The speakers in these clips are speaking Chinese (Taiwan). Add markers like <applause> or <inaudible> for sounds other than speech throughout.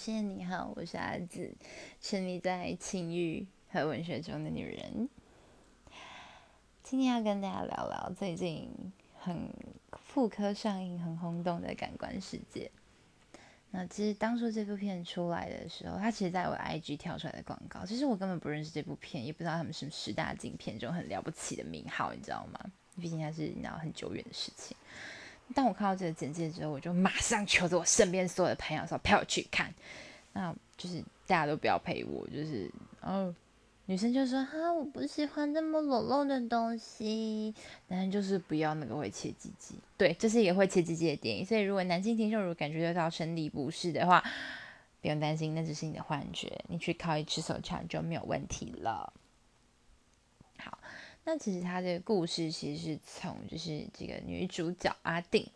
謝，謝，你好，我是阿梓，沉溺在情欲和文學中的女人。今天要跟大家聊聊最近很複刻上映、很轟動的《感官世界》。那其實當初這部片出來的時候，它其實在我 IG 跳出來的廣告，其實我根本不認識這部片，也不知道他們是什麼十大禁片，這種很了不起的名號，你知道嗎？畢竟它是你知道很久遠的事情。當我看到這個簡介之後，我就馬上求着我身邊所有的朋友說，陪我去看。那就是大家都不要陪我，就是哦，女生就說，哈、啊，我不喜歡那麼裸露的東西，男生就是不要那個會切雞雞，對，這，就是也會切雞雞的電影。所以如果男性聽眾如果感覺到生理不適的話，不用擔心，那只是你的幻覺，你去靠一支手槍就沒有問題了。那其實他的故事，其實是從就是這個女主角阿定，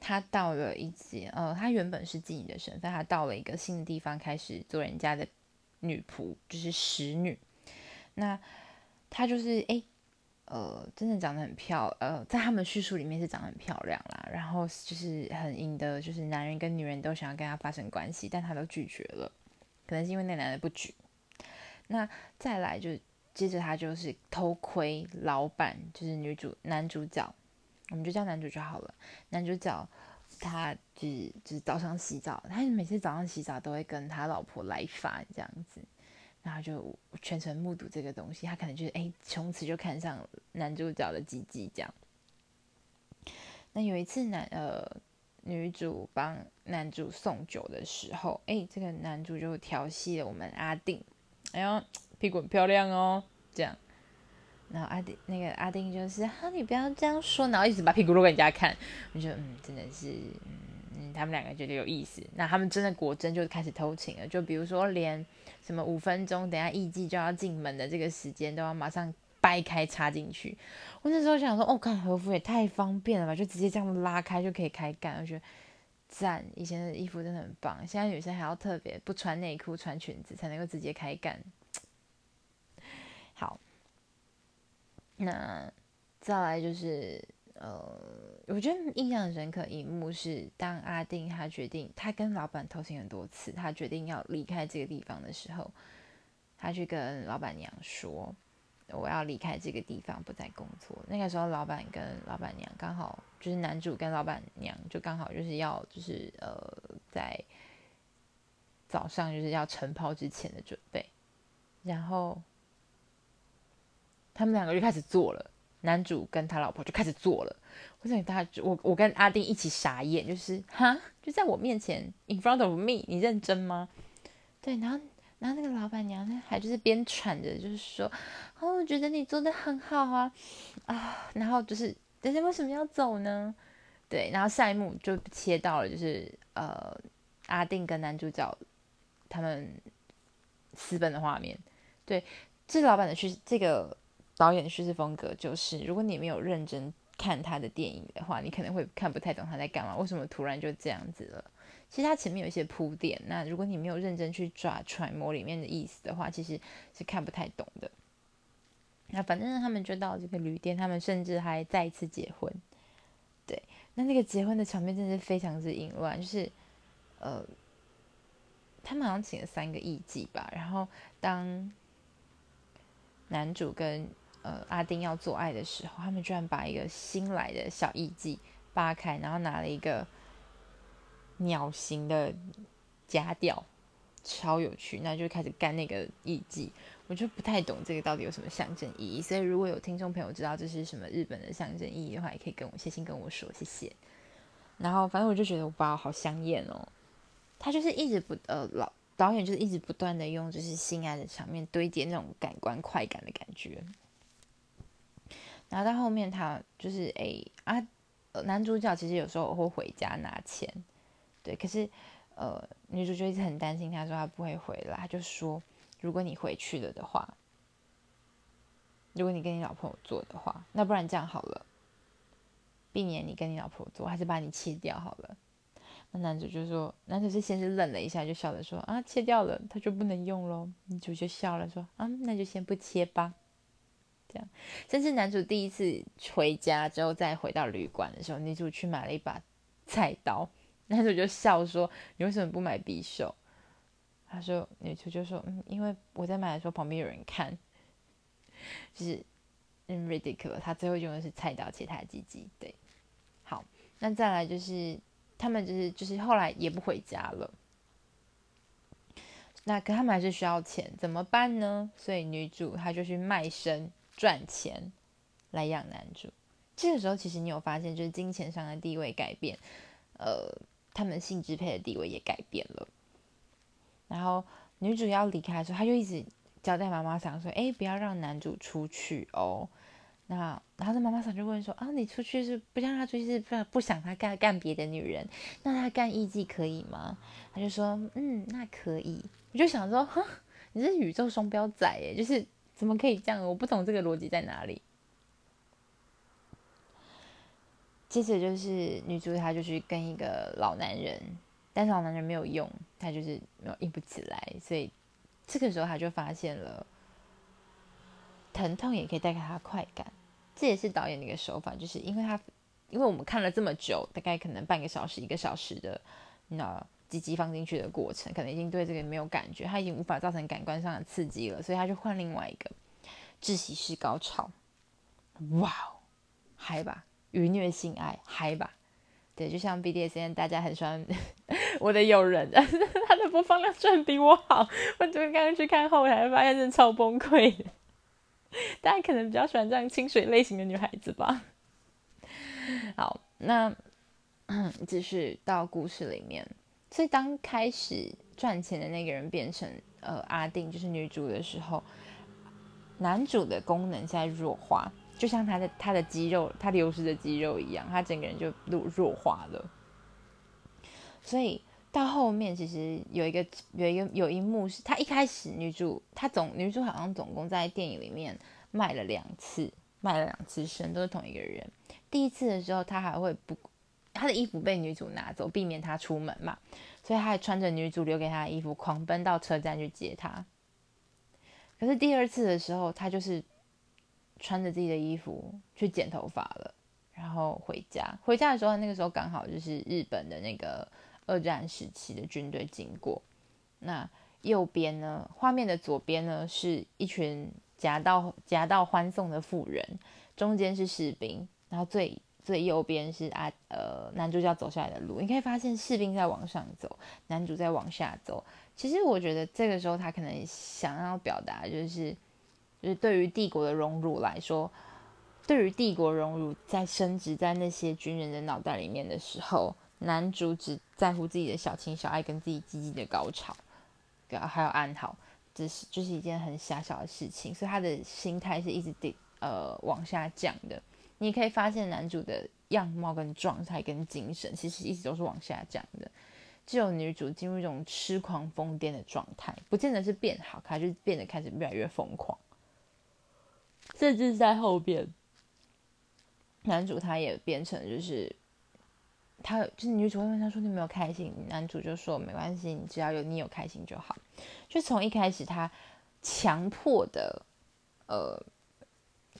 她到了一些呃，她原本是妓女的身份，她到了一個新的地方，開始做人家的女僕，就是使女。那她就是哎，呃，真的長得很漂，呃，在他們敘述裡面是長得很漂亮啦，然後就是很硬的，就是男人跟女人都想要跟她發生關係，但她都拒絕了，可能是因為那男的不舉。那再來就接着他就是偷窺老闆，就是女主男主角，我們就叫男主角好了。男主角，他就、就是就早上洗澡，他每次早上洗澡都會跟他老婆來發這樣子，然後就全程目睹這個東西。他可能就是誒，從、欸、此就看上男主角的雞雞這樣。那有一次男呃女主幫男主送酒的時候，哎、欸，這個男主就調戲了我們阿定，然、哎、後。屁股很漂亮哦，這樣，然後阿丁那個阿丁就是哈、啊，你不要這樣說，然後一直把屁股露給人家看。我就嗯，真的是嗯、嗯，他們兩個覺得有意思，那他們真的果真就開始偷情了。就比如說連什麼五分鐘，等一下藝伎就要進門的這個時間，都要馬上掰開插進去。我那時候想說，哦，看和服也太方便了吧，就直接這樣拉開就可以開幹，我覺得讚。以前的衣服真的很棒，現在女生還要特別不穿內褲穿裙子才能夠直接開幹。那再來就是，呃，我覺得印象深刻一幕是，當阿定他決定，他跟老板偷情很多次，他決定要離開這個地方的時候，他去跟老板娘說：“我要離開這個地方，不再工作。”那個時候，老板跟老板娘剛好就是男主跟老板娘，就剛好就是要就是呃，在早上就是要晨跑之前的準備，然後。他們兩個就開始做了，男主跟他老婆就開始做了。我想他，我我跟阿丁一起傻眼，就是哈，就在我面前，in front of me，你認真嗎？對，然後然後那個老闆娘呢還就是邊喘着，就是說，哦，我覺得你做得很好啊啊，然後就是，但是為什麼要走呢？對，然後下一幕就切到了，就是呃，阿丁跟男主角他們私奔的畫面。對，這個、老闆的去這個。導演的敘事風格就是，如果你沒有認真看他的電影的話，你可能會看不太懂他在幹嘛，為什麼突然就這樣子了。其實他前面有一些鋪墊，那如果你沒有認真去抓揣摩裡面的意思的話，其實是看不太懂的。那反正他們就到這個旅店，他們甚至還再一次結婚。對，那那個結婚的場面真的是非常之淫亂，就是呃，他們好像請了三個藝妓吧，然後當男主跟呃，阿丁要做愛的時候，他們居然把一個新來的小藝伎扒開，然後拿了一個鳥形的夾掉。超有趣。那就開始幹那個藝伎，我就不太懂這個到底有什麼象徵意義。所以如果有聽眾朋友知道這是什麼日本的象徵意義的話，也可以跟我私信跟我說，謝謝。然後反正我就覺得哇，好香艷哦！他就是一直不呃，老導演就是一直不斷的用就是性愛的場面堆疊那種感官快感的感覺。然後到後面，他就是哎啊，男主角其實有時候會回家拿錢，對，可是呃女主角一直很擔心，他說她不會回來，她就說如果你回去了的話，如果你跟你老婆做的話，那不然這樣好了，避免你跟你老婆做，還是把你切掉好了。那男主角就說，男主是先是愣了一下，就笑着說啊切掉了，他就不能用咯。女主就笑了說，嗯、啊、那就先不切吧。這樣甚至男主第一次回家之後，再回到旅館的時候，女主去買了一把菜刀。男主就笑說：“你為什麼不買匕首？”他說：“女主就說，嗯，因為我在買的時候旁邊有人看。”就是，嗯，ridiculous，他最後用的是菜刀切他自己。對，好，那再來就是他們就是就是後來也不回家了。那可他們還是需要錢，怎麼辦呢？所以女主她就去賣身。賺錢來養男主。這個時候其實你有發現，就是金錢上的地位改變，呃，他們性支配的地位也改變了。然後女主要離開的時候，她就一直交代媽媽桑說，誒，不要讓男主出去哦。那然後她媽媽桑就問說，啊，你出去是不讓他出去是不不想他幹幹別的女人？那他幹藝妓可以嗎？她就說，嗯，那可以。我就想說，哈，你這是宇宙雙標仔耶，就是。怎麼可以這樣？我不懂這個邏輯在哪裡？接着就是女主，她就去跟一個老男人，但是老男人沒有用，他就是硬不起來，所以這個時候他就發現了，疼痛也可以帶給他快感。這也是導演的一個手法，就是因為他，因為我們看了這麼久，大概可能半個小時、一個小時的，那雞雞放進去的過程，可能已經對這個沒有感覺，他已經無法造成感官上的刺激了，所以他就換另外一個窒息式高潮。哇哦，嗨吧，愉虐性愛嗨吧，對，就像 BDSM，大家很喜歡 <laughs> 我的友人，但是他的播放量居然比我好，我這邊剛剛去看後台，發現真的超崩潰。大家可能比較喜歡這樣清水類型的女孩子吧。好，那繼續到故事裡面。所以，當開始賺錢的那個人變成呃阿定，就是女主的時候，男主的功能在弱化，就像他的他的肌肉，他流失的肌肉一樣，他整個人就弱弱化了。所以到後面，其實有一個有一個有一幕是他一開始女主，她總女主好像總共在電影裡面賣了兩次，賣了兩次身都是同一個人。第一次的時候，他還會不。他的衣服被女主拿走，避免他出門嘛，所以他還穿着女主留給他的衣服，狂奔到車站去接他。可是第二次的時候，他就是穿着自己的衣服去剪頭髮了，然後回家。回家的時候，那個時候剛好就是日本的那個二戰時期的軍隊經過。那右邊呢，畫面的左邊呢，是一群夾道夾道歡送的婦人，中間是士兵，然後最。最右邊是阿、啊、呃男主角走下來的路，你可以發現士兵在往上走，男主在往下走。其實我覺得這個時候他可能想要表達就是，就是對於帝國的榮辱來說，對於帝國榮辱在升職在那些軍人的腦袋裡面的時候，男主只在乎自己的小情小愛跟自己積極的高潮，還有安好，只是就是一件很狹小的事情，所以他的心態是一直的呃往下降的。你可以發現，男主的樣貌跟狀態跟精神，其實一直都是往下降的。只有女主進入一種痴狂瘋癲的狀態，不見得是變好，她就變得開始越來越瘋狂。甚至在後邊，男主他也變成就是，他就是女主問問他，說你沒有開心，男主就說沒關係，只要有你有開心就好。就從一開始他強迫的，呃。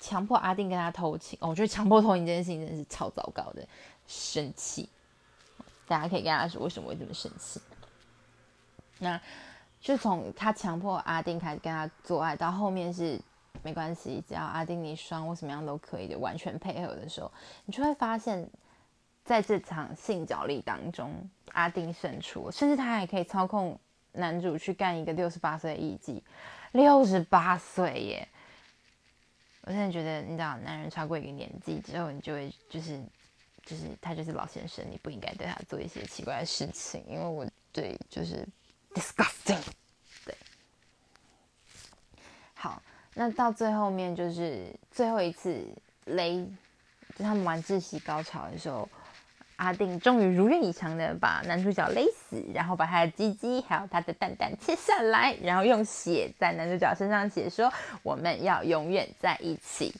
強迫阿定跟他偷情，哦，我覺得強迫偷情這件事情真的是超糟糕的，生氣。大家可以跟他說為什麼會這麼生氣？那就從他強迫阿定開始跟他做愛，到後面是沒關係，只要阿定你爽，我怎麼樣都可以的，完全配合的時候，你就會發現，在這場性角力當中，阿定勝出，甚至他還可以操控男主去幹一個六十八歲的藝妓，六十八歲耶。我現在覺得，你知道，男人超過一個年紀之後，你就會就是，就是他就是老先生，你不應該對他做一些奇怪的事情，因為我對就是 disgusting，對。好，那到最後面就是最後一次勒，就他們玩窒息高潮的時候。阿定終於如願以償的把男主角勒死，然後把他的雞雞還有他的蛋蛋切下來，然後用血在男主角身上寫說，我們要永遠在一起。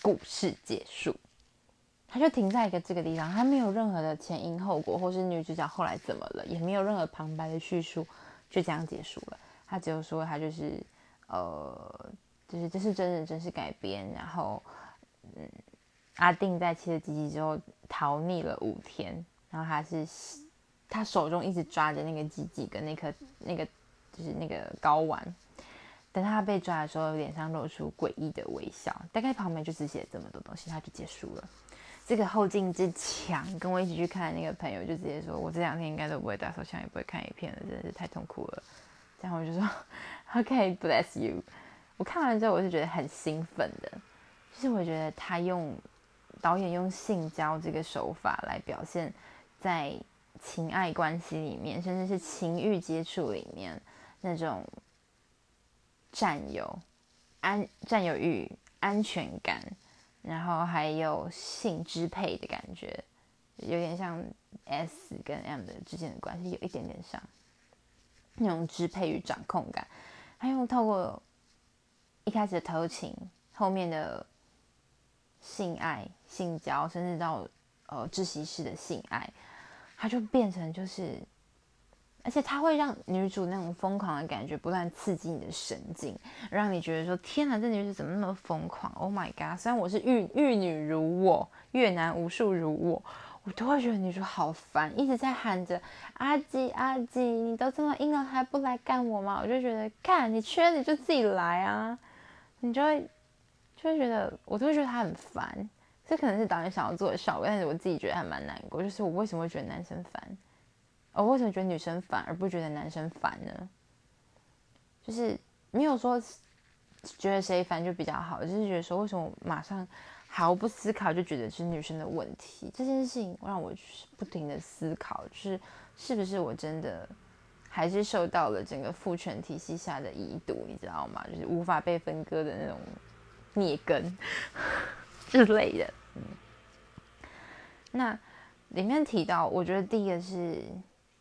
故事結束，他就停在一個這個地方，他沒有任何的前因後果，或是女主角後來怎麼了，也沒有任何旁白的敘述，就這樣結束了。他只有說他就是呃，就是這是真人真事改編，然後嗯。阿定在切了雞雞之後逃匿了五天，然後他是他手中一直抓着那個雞雞跟那顆那個就是那個睾丸，等他被抓的時候，臉上露出詭異的微笑。大概旁邊就只寫這麼多東西，他就結束了。這個後勁之強，跟我一起去看的那個朋友就直接說，我這兩天應該都不會打手槍，也不會看影片了，真的是太痛苦了。然後我就說 <laughs> ，OK bless you。我看完之後我是覺得很興奮的，就是我覺得他用。導演用性交這個手法來表現，在情愛關係裡面，甚至是情慾接觸裡面那種佔有、安佔有慾、安全感，然後還有性支配的感覺，有點像 S 跟 M 的之間的關係，有一點點像那種支配與掌控感。他用透過一開始的偷情，後面的。性愛、性交，甚至到呃窒息式的性愛，它就變成就是，而且它會讓女主那種瘋狂的感覺不斷刺激你的神經，讓你覺得說：天哪，這女主怎麼那麼瘋狂？Oh my god！雖然我是玉玉女如我，閱男無數如我，我都會覺得女主好煩，一直在喊着阿吉阿吉，你都這麼硬了還不來幹我嗎？我就覺得幹，你缺你就自己來啊，你就會。就會覺得，我都會覺得他很煩。這可能是導演想要做的效果，但是我自己覺得還蠻難過。就是我為什麼會覺得男生煩？哦，我為什麼覺得女生煩而不覺得男生煩呢？就是沒有說覺得誰煩就比較好，就是覺得說為什麼我馬上毫不思考就覺得是女生的問題？這件事情讓我不停地思考，就是是不是我真的還是受到了整個父權體系下的遺毒？你知道嗎？就是無法被分割的那種。滅根之類的，嗯，那裡面提到，我覺得第一個是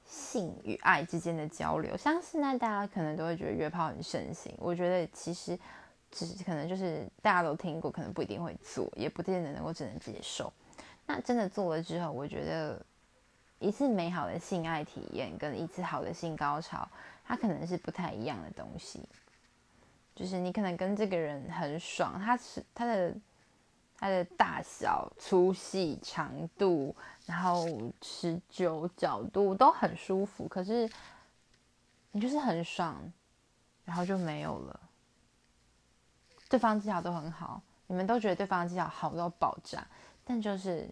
性與愛之間的交流。相信呢，大家可能都會覺得約炮很盛行，我覺得其實只是可能就是大家都聽過，可能不一定會做，也不見得能夠真正接受。那真的做了之後，我覺得一次美好的性愛體驗跟一次好的性高潮，它可能是不太一樣的東西。就是你可能跟這個人很爽，他是他的他的大小、粗細、長度，然後持久、角度都很舒服，可是你就是很爽，然後就沒有了。對方技巧都很好，你們都覺得對方技巧好到爆炸，但就是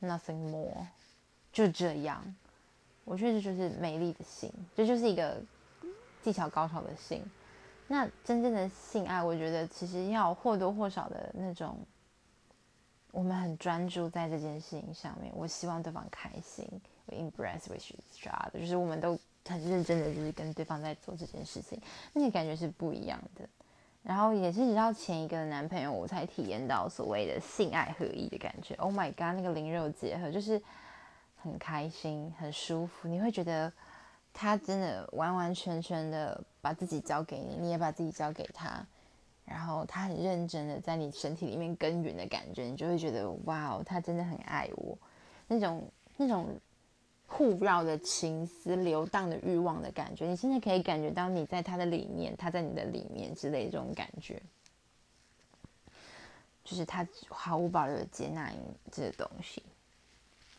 nothing more，就這樣。我確實就是美麗的心，這就是一個技巧高超的心。那真正的性愛，我覺得其實要或多或少的那種，我們很專注在這件事情上面。我希望對方開心，in breath with 就是我們都很認真的，就是跟對方在做這件事情，那個感覺是不一樣的。然後也是直到前一個男朋友，我才體驗到所謂的性愛合一的感覺。Oh my god，那個靈肉結合就是很開心、很舒服，你會覺得。他真的完完全全的把自己交給你，你也把自己交給他，然後他很認真的在你身體裡面耕耘的感覺，你就會覺得哇哦，他真的很愛我，那種那種互繞的情思，流蕩的欲望的感覺，你真的可以感覺到你在他的裡面，他在你的裡面之類的這種感覺，就是他毫無保留的接納你這些東西。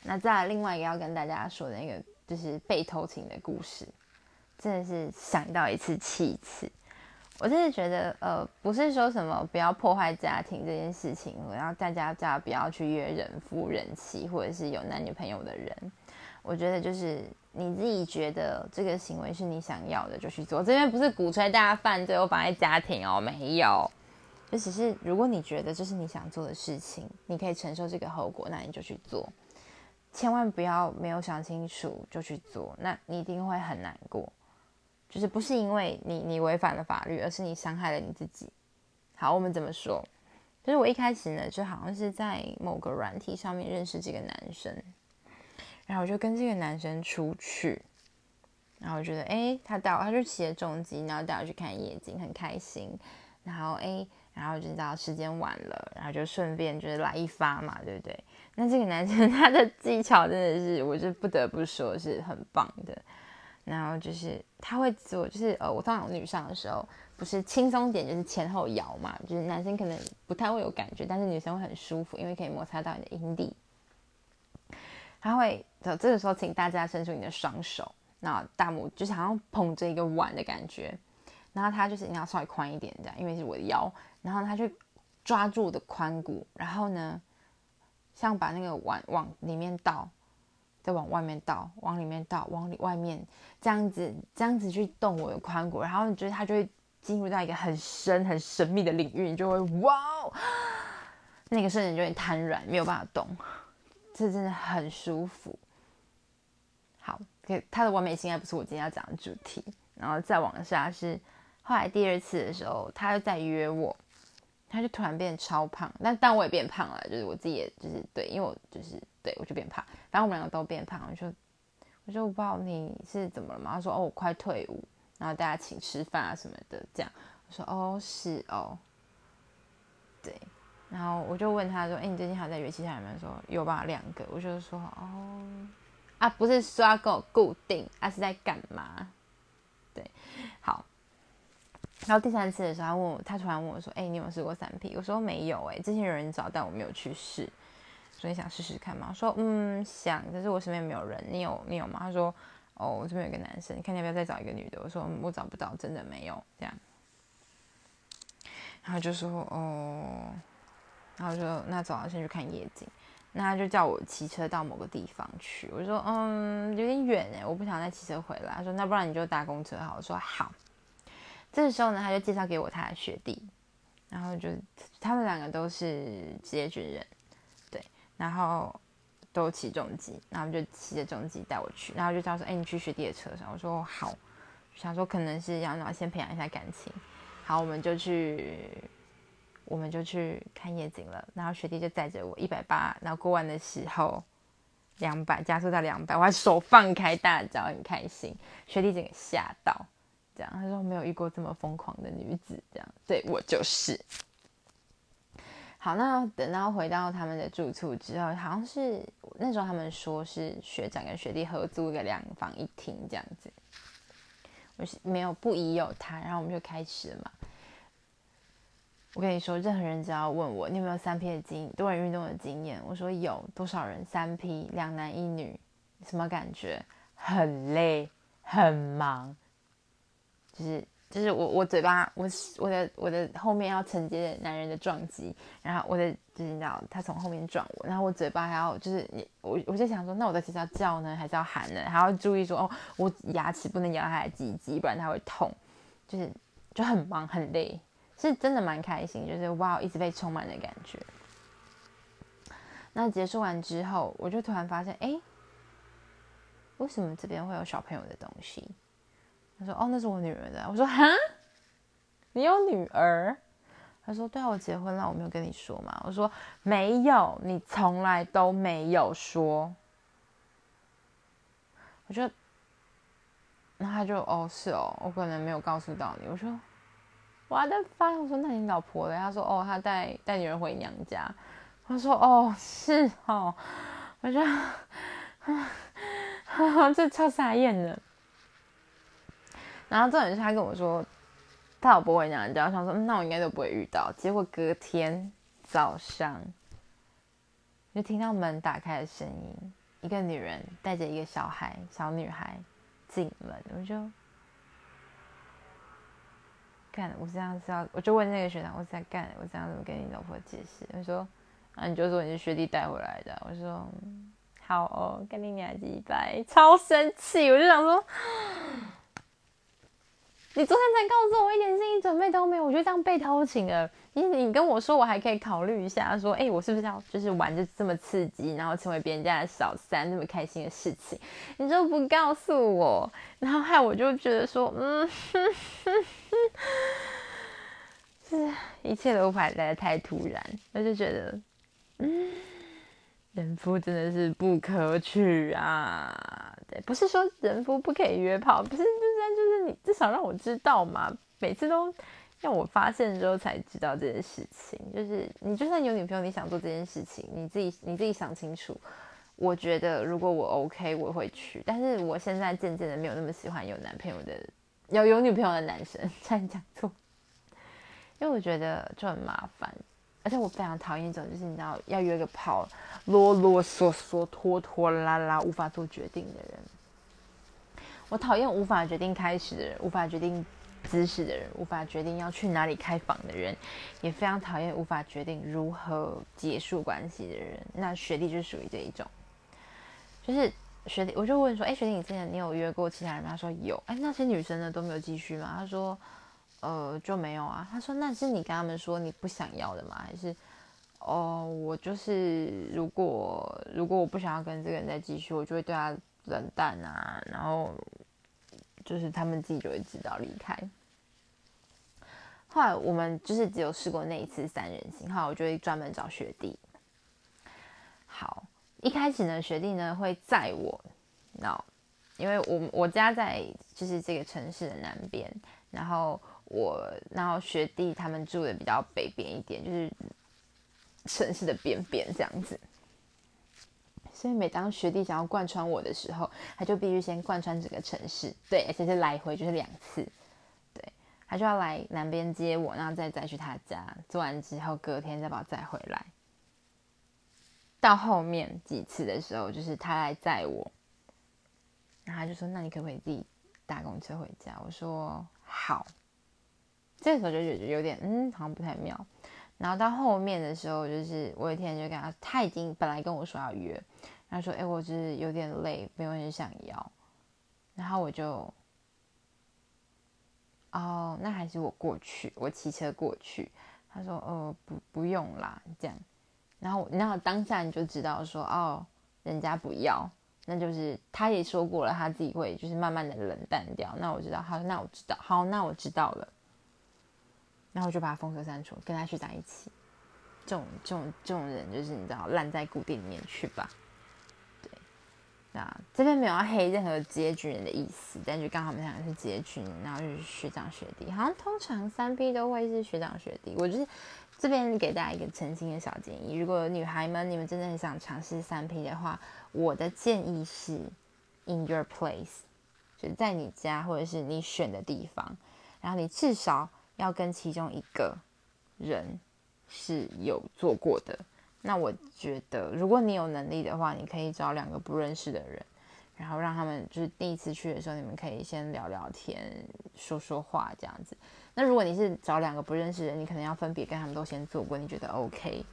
那再來另外一個要跟大家說的一個。就是被偷情的故事，真的是想到一次氣一次。我真的覺得，呃，不是說什麼不要破壞家庭這件事情，我要大家家不要去約人夫、人妻，或者是有男女朋友的人。我覺得就是你自己覺得這個行為是你想要的，就去做。這邊不是鼓吹大家犯罪妨礙家庭哦，沒有。就只是如果你覺得這是你想做的事情，你可以承受這個後果，那你就去做。千萬不要沒有想清楚就去做，那你一定會很難過。就是不是因為你你違反了法律，而是你傷害了你自己。好，我們怎麼說？就是我一開始呢，就好像是在某個軟體上面認識這個男生，然後我就跟這個男生出去，然後我覺得，欸，他帶我他就騎着重機，然後帶我去看夜景，很開心。然後，欸。然後就知道時間晚了，然後就順便就是來一發嘛，對不對？那這個男生他的技巧真的是，我就不得不說是很棒的。然後就是他會做，就是呃、哦，我當女上的時候不是輕鬆點，就是前後搖嘛，就是男生可能不太會有感覺，但是女生會很舒服，因為可以摩擦到你的陰蒂。他會、哦，這個時候請大家伸出你的雙手，然後大拇就是好像捧着一個碗的感覺，然後他就是你要稍微寬一點這樣，因為是我的腰。然後他就抓住我的髖骨，然後呢，像把那個碗往，往裡面倒，再往外面倒，往裡面倒，往裡外面這樣子，這樣子去動我的髖骨，然後你覺得他就會進入到一個很深、很神秘的領域，你就會哇、哦，那個瞬間有點癱軟，沒有辦法動，這真的很舒服。好，可他的完美性還不是我今天要講的主題，然後再往下是後來第二次的時候，他又在約我。他就突然變超胖，但但我也變胖了，就是我自己也，就是對，因為我就是對，我就變胖，然後我們兩個都變胖。我說，我就不知道你是怎麼了嘛？他說，哦，我快退伍，然後大家請吃飯啊什麼的，這樣。我說，哦，是哦，對。然後我就問他說，哎，你最近還在約其他人嗎？說有吧，兩個。我就說，哦，啊，不是說要固定，啊，是在幹嘛？然後第三次的時候，他問我，他突然問我說：“誒、欸，你有沒有試過 3P？” 我說：“沒有、欸，誒，之前有人找，但我沒有去試，所以想試試看嘛。”我說：“嗯，想，但是我身邊沒有人。你有，你有嗎？”他說：“哦，我這邊有個男生，看你要不要再找一個女的。”我說、嗯：“我找不到，真的沒有這樣。”然後就說：“哦。”然後說：“那走，先去看夜景。”那他就叫我騎車到某個地方去。我就說：“嗯，有點遠哎、欸，我不想再騎車回來。”他說：“那不然你就搭公車好。”我說：“好。”這時候呢，他就介紹給我他的學弟，然後就他們兩個都是職業軍人，對，然後都騎重機，然後就騎着重機帶我去，然後就叫說：“哎，你去學弟的車上。”我說：“好。”想說可能是要然後先培養一下感情，好，我們就去，我們就去看夜景了。然後學弟就載着我一百八，180，然後過彎的時候，兩百加速到兩百，我把手放開大叫，很開心，學弟整個嚇到。這樣，他說沒有遇過這麼瘋狂的女子。這樣，對，我就是。好，那等到回到他們的住處之後，好像是那時候他們說是學長跟學弟合租一個兩房一廳這樣子。我是沒有不疑有他，然後我們就開始了嘛。我跟你說，任何人只要問我你有沒有三 P 的經，多人運動的經驗，我說有多少人三 P 兩男一女，什麼感覺？很累，很忙。就是就是我我嘴巴我我的我的後面要承接男人的撞擊，然後我的就是你知道，他從後面撞我，然後我嘴巴還要就是我我就想說，那我在是要叫呢還是要喊呢？還要注意說哦，我牙齒不能咬他的雞雞，不然他會痛。就是就很忙很累，是真的蠻開心，就是哇，wow, 一直被充滿的感覺。那結束完之後，我就突然發現，哎，為什麼這邊會有小朋友的東西？我說哦，那是我女兒的。我說哈，你有女兒？他說，對啊，我結婚了，我沒有跟你說嘛。我說，沒有，你從來都沒有說。我說那他就哦是哦，我可能沒有告訴到你。我說我還在發，我說那你老婆呢？他說哦，他帶帶女兒回娘家。他說哦是哦。我說啊，這超傻眼的。然後這件事，他跟我說，他老婆會那樣，然後想說、嗯，那我應該都不會遇到。結果隔天早上，就聽到門打開的聲音，一個女人帶着一個小孩，小女孩進門，我就幹，我這樣子要，我就問那個學長，我在幹，我這樣怎麼跟你老婆解釋？我說，那、啊、你就說你是學弟帶回來的。我說，好哦，跟你倆雞掰，超生氣，我就想說。你昨天才告訴我，一點心理準備都沒有，我就這樣被偷情了。你你跟我說，我還可以考慮一下，說，哎、欸，我是不是要就是玩得這麼刺激，然後成為別人家的小三，那麼開心的事情，你就不告訴我，然後害我就覺得說，嗯，哼 <laughs> 哼、就是一切都還來得太突然，我就覺得，嗯。人夫真的是不可取啊！對，不是說人夫不可以約炮，不是，就是就是你至少讓我知道嘛，每次都讓我發現之後才知道這件事情。就是你就算有女朋友，你想做這件事情，你自己你自己想清楚。我覺得如果我 OK，我會去，但是我現在漸漸的沒有那麼喜歡有男朋友的、有有女朋友的男生這樣講做，因為我覺得就很麻煩。而且我非常討厭一種，就是你知道，要約個炮，囉囉嗦嗦、拖拖拉拉、無法做決定的人。我討厭無法決定開始的人，無法決定姿勢的人，無法決定要去哪裡開房的人，也非常討厭無法決定如何結束關係的人。那學弟就屬於這一種，就是學弟，我就問說，哎、欸，學弟，你之前你有約過其他人嗎？他說有。哎、欸，那些女生呢都沒有繼續嗎？他說。呃，就沒有啊。他說：“那是你跟他們說你不想要的嗎？還是，哦、呃，我就是如果如果我不想要跟這個人再繼續，我就會對他冷淡啊。然後就是他們自己就會知道離開。後來我們就是只有試過那一次三人行。後來我就會專門找學弟。好，一開始呢，學弟呢會載我 n、no，因為我我家在就是這個城市的南邊，然後。我然後學弟他們住的比較北邊一點，就是城市的邊邊這樣子。所以每當學弟想要貫穿我的時候，他就必須先貫穿整個城市，對，而且是來回就是兩次。對，他就要來南邊接我，然後再再去他家，做完之後隔天再把我載回來。到後面幾次的時候，就是他來載我，然後他就說：“那你可不可以自己搭公車回家？”我說：“好。”這個時候就覺得有點嗯，好像不太妙。然後到後面的時候，就是我有一天就跟他，他已經本來跟我說要約，他說：“哎、欸，我就是有點累，沒有很想要。”然後我就，哦，那還是我過去，我騎車過去。他說：“哦、呃，不，不用啦。”這樣。然後，然後當下你就知道說：“哦，人家不要。”那就是他也說過了，他自己會就是慢慢的冷淡掉。那我知道，他說：“那我知道，好，那我知道，那我知道了。”然後就把他封鎖刪除，跟他學長一起。這種這種這種人就是你知道，爛在谷底裡面去吧。對，那這邊沒有要黑任何軍人的意思，但就剛好我們兩個是軍人，然後就是學長學弟，好像通常三 P 都會是學長學弟。我就是這邊給大家一個誠心的小建議，如果女孩們你們真的很想嘗試三 P 的話，我的建議是 in your place，就是在你家或者是你選的地方，然後你至少。要跟其中一個人是有做過的，那我覺得，如果你有能力的話，你可以找兩個不認識的人，然後讓他們就是第一次去的時候，你們可以先聊聊天，說說話這樣子。那如果你是找兩個不認識的人，你可能要分別跟他們都先做過，你覺得 OK，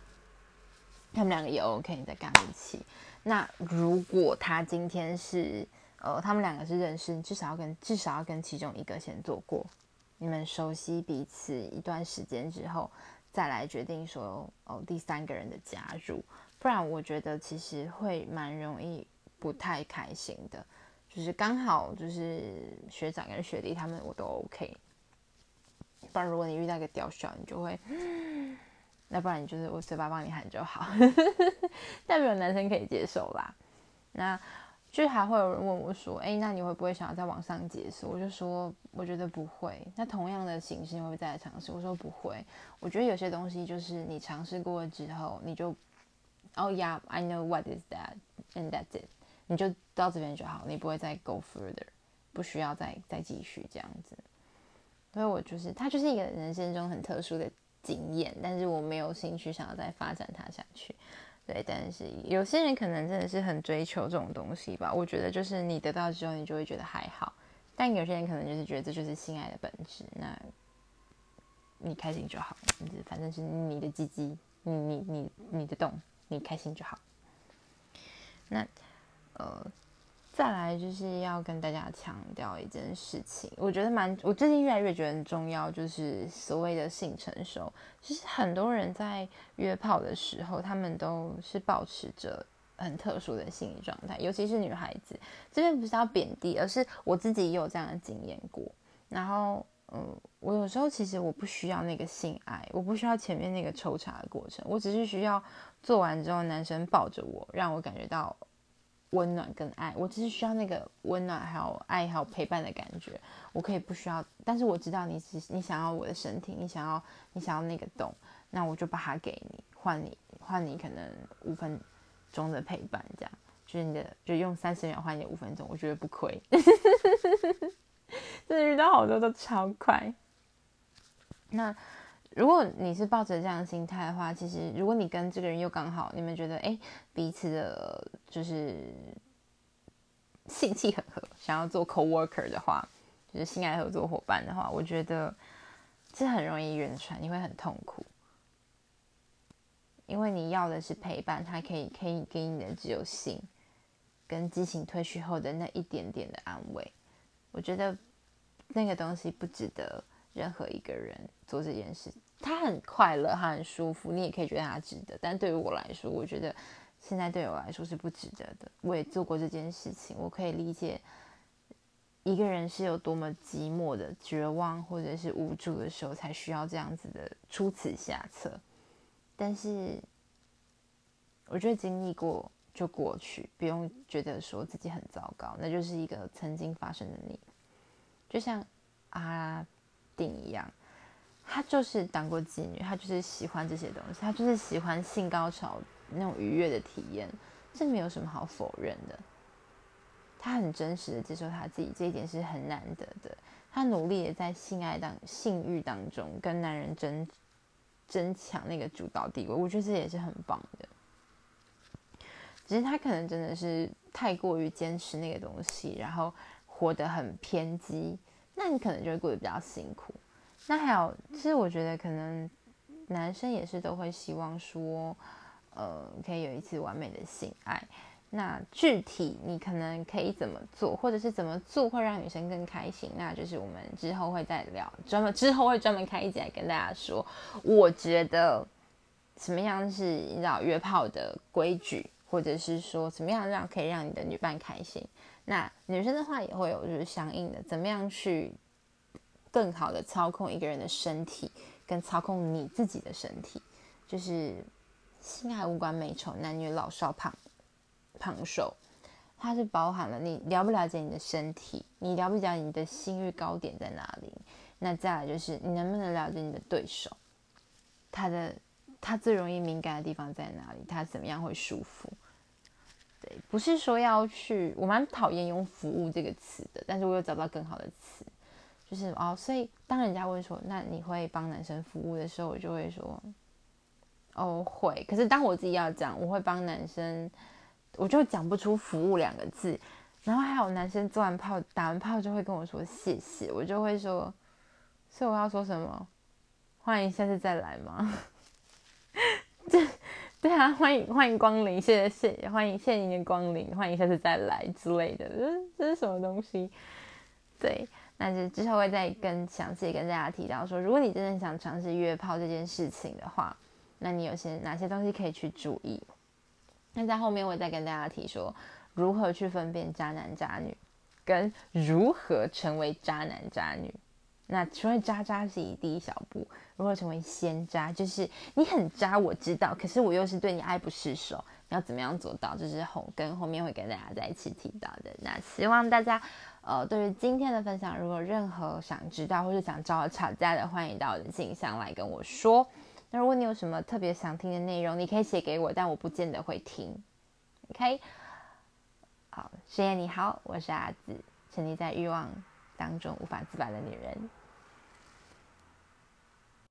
他們兩個也 OK，你再幹一起。那如果他今天是呃，他們兩個是認識，你至少要跟至少要跟其中一個先做過。你們熟悉彼此一段時間之後，再來決定說哦，第三個人的加入，不然我覺得其實會蠻容易不太開心的。就是剛好就是學長跟學弟他們我都 OK，不然如果你遇到一個屌小，你就會，那不然你就是我嘴巴幫你喊就好，但沒有男生可以接受啦，那。就還會有人問我說：“哎，那你會不會想要再往上解鎖？”我就說：“我覺得不會。那同樣的形式，你會不會再來嘗試？”我說：“不會。我覺得有些東西就是你嘗試過之後，你就，Oh yeah，I know what is that and that's it。你就到這邊就好，你不會再 go further，不需要再再繼續這樣子。所以，我就是它，就是一個人生中很特殊的經驗，但是我沒有興趣想要再發展它下去。”對，但是有些人可能真的是很追求這種東西吧。我覺得就是你得到之後，你就會覺得還好。但有些人可能就是覺得這就是性愛的本質。那你開心就好，反正是你的雞雞，你你你你的洞，你開心就好。那呃。再來就是要跟大家強調一件事情，我覺得蠻，我最近越來越覺得很重要，就是所謂的性成熟。其實很多人在約炮的時候，他們都是保持着很特殊的心理狀態，尤其是女孩子。這邊不是要貶低，而是我自己也有這樣的經驗過。然後，嗯、呃，我有時候其實我不需要那個性愛，我不需要前面那個抽查的過程，我只是需要做完之後男生抱着我，讓我感覺到，溫暖跟愛，我只是需要那個溫暖，還有愛，還有陪伴的感覺。我可以不需要，但是我知道你只你想要我的身體，你想要你想要那個洞，那我就把它給你，換你換你可能五分鐘的陪伴，這樣就是你的就用三十秒，換你五分鐘，我覺得不虧。真的 <laughs> 遇到好多都超快，那。如果你是抱着這樣的心態的話，其實如果你跟這個人又剛好你們覺得哎彼此的就是性趣很合，想要做 coworker 的話，就是性愛合作夥伴的話，我覺得這很容易暈船，你會很痛苦，因為你要的是陪伴，他可以可以給你的只有性跟激情褪去後的那一點點的安慰，我覺得那個東西不值得。任何一個人做這件事，他很快樂，他很舒服，你也可以覺得他值得。但對於我來說，我覺得現在對我來說是不值得的。我也做過這件事情，我可以理解一個人是有多麼寂寞的、絕望或者是無助的時候，才需要這樣子的出此下策。但是我覺得經歷過就過去，不用覺得說自己很糟糕，那就是一個曾經發生的你。就像啊。定一樣，他就是當過妓女，他就是喜歡這些東西，他就是喜歡性高潮那種愉悅的體驗，這沒有什麼好否認的。他很真實的接受他自己，這一點是很難得的。他努力也在性愛當性慾當中跟男人爭爭搶那個主導地位，我覺得這也是很棒的。只是他可能真的是太過於堅持那個東西，然後活得很偏激。那你可能就會過得比較辛苦。那還有，其實我覺得可能男生也是都會希望說，呃，可以有一次完美的性愛。那具體你可能可以怎麼做，或者是怎麼做會讓女生更開心？那就是我們之後會再聊，專門之後會專門開一集來跟大家說，我覺得什麼樣是你知道約炮的規矩，或者是說怎麼樣讓可以讓你的女伴開心。那女生的話也會有，就是相應的，怎麼樣去更好的操控一個人的身體，跟操控你自己的身體，就是性愛無關美醜，男女老少胖胖瘦，它是包含了你了不了解你的身體，你了不了解你的心慾高點在哪裡？那再來就是你能不能了解你的對手，他的他最容易敏感的地方在哪裡？他怎麼樣會舒服？不是說要去，我蠻討厭用“服務”這個詞的，但是我又找不到更好的詞，就是哦，所以當人家問說，那你會幫男生服務的時候，我就會說，哦會。可是當我自己要講，我會幫男生，我就講不出“服務”兩個字。然後還有男生做完砲、打完砲就會跟我說謝謝，我就會說，所以我要說什麼？歡迎下次再來嗎？對啊，歡迎歡迎光臨，謝謝謝歡迎謝謝您的光臨，歡迎下次再來之類的，這是，這是什麼東西？對，那就之後會再更詳細跟大家提到說，如果你真的想嘗試約炮這件事情的話，那你有些哪些東西可以去注意？那在後面我再跟大家提說，如何去分辨渣男渣女，跟如何成為渣男渣女。那成為渣渣是一第一小步，如何成為仙渣？就是你很渣，我知道，可是我又是對你愛不釋手。你要怎麼樣做到？這，就是後跟後面會跟大家在一起提到的。那希望大家，呃，對於今天的分享，如果任何想知道或者想找我吵架的，歡迎到我的信箱來跟我說。那如果你有什麼特別想聽的內容，你可以寫給我，但我不見得會聽。OK，好，深夜你好，我是阿梓，沉溺在欲望當中無法自拔的女人。